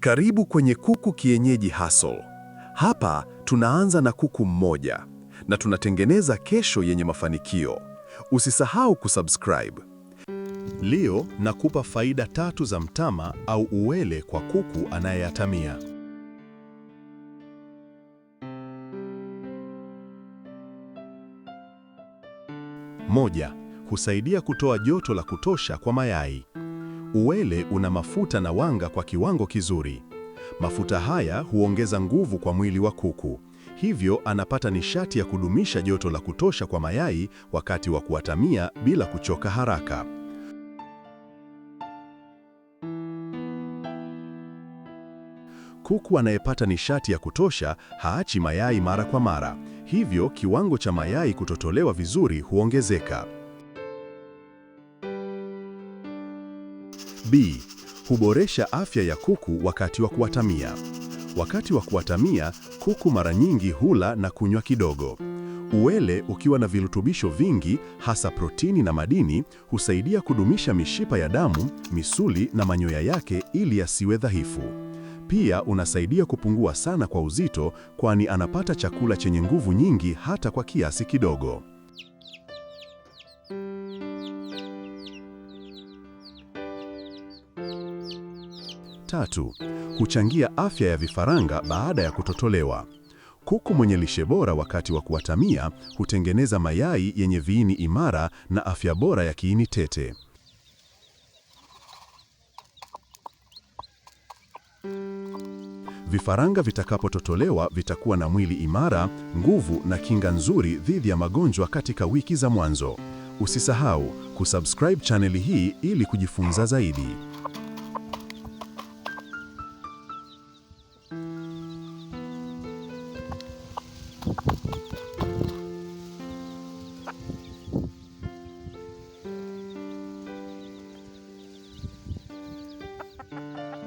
Karibu kwenye Kuku Kienyeji Hustle. Hapa tunaanza na kuku mmoja na tunatengeneza kesho yenye mafanikio. Usisahau kusubscribe. Leo nakupa faida tatu za mtama au uwele kwa kuku anayeyatamia. Moja, husaidia kutoa joto la kutosha kwa mayai. Uwele una mafuta na wanga kwa kiwango kizuri. Mafuta haya huongeza nguvu kwa mwili wa kuku, hivyo anapata nishati ya kudumisha joto la kutosha kwa mayai wakati wa kuatamia bila kuchoka haraka. Kuku anayepata nishati ya kutosha haachi mayai mara kwa mara, hivyo kiwango cha mayai kutotolewa vizuri huongezeka. B. Huboresha afya ya kuku wakati wa kuwatamia. Wakati wa kuwatamia, kuku mara nyingi hula na kunywa kidogo. Uwele ukiwa na virutubisho vingi, hasa protini na madini, husaidia kudumisha mishipa ya damu, misuli na manyoya yake ili yasiwe dhaifu. Pia unasaidia kupungua sana kwa uzito, kwani anapata chakula chenye nguvu nyingi hata kwa kiasi kidogo. tatu, huchangia afya ya vifaranga baada ya kutotolewa. Kuku mwenye lishe bora wakati wa kuwatamia hutengeneza mayai yenye viini imara na afya bora ya kiini tete. Vifaranga vitakapototolewa vitakuwa na mwili imara, nguvu na kinga nzuri dhidi ya magonjwa katika wiki za mwanzo. Usisahau kusubscribe chaneli hii ili kujifunza zaidi. Thank you.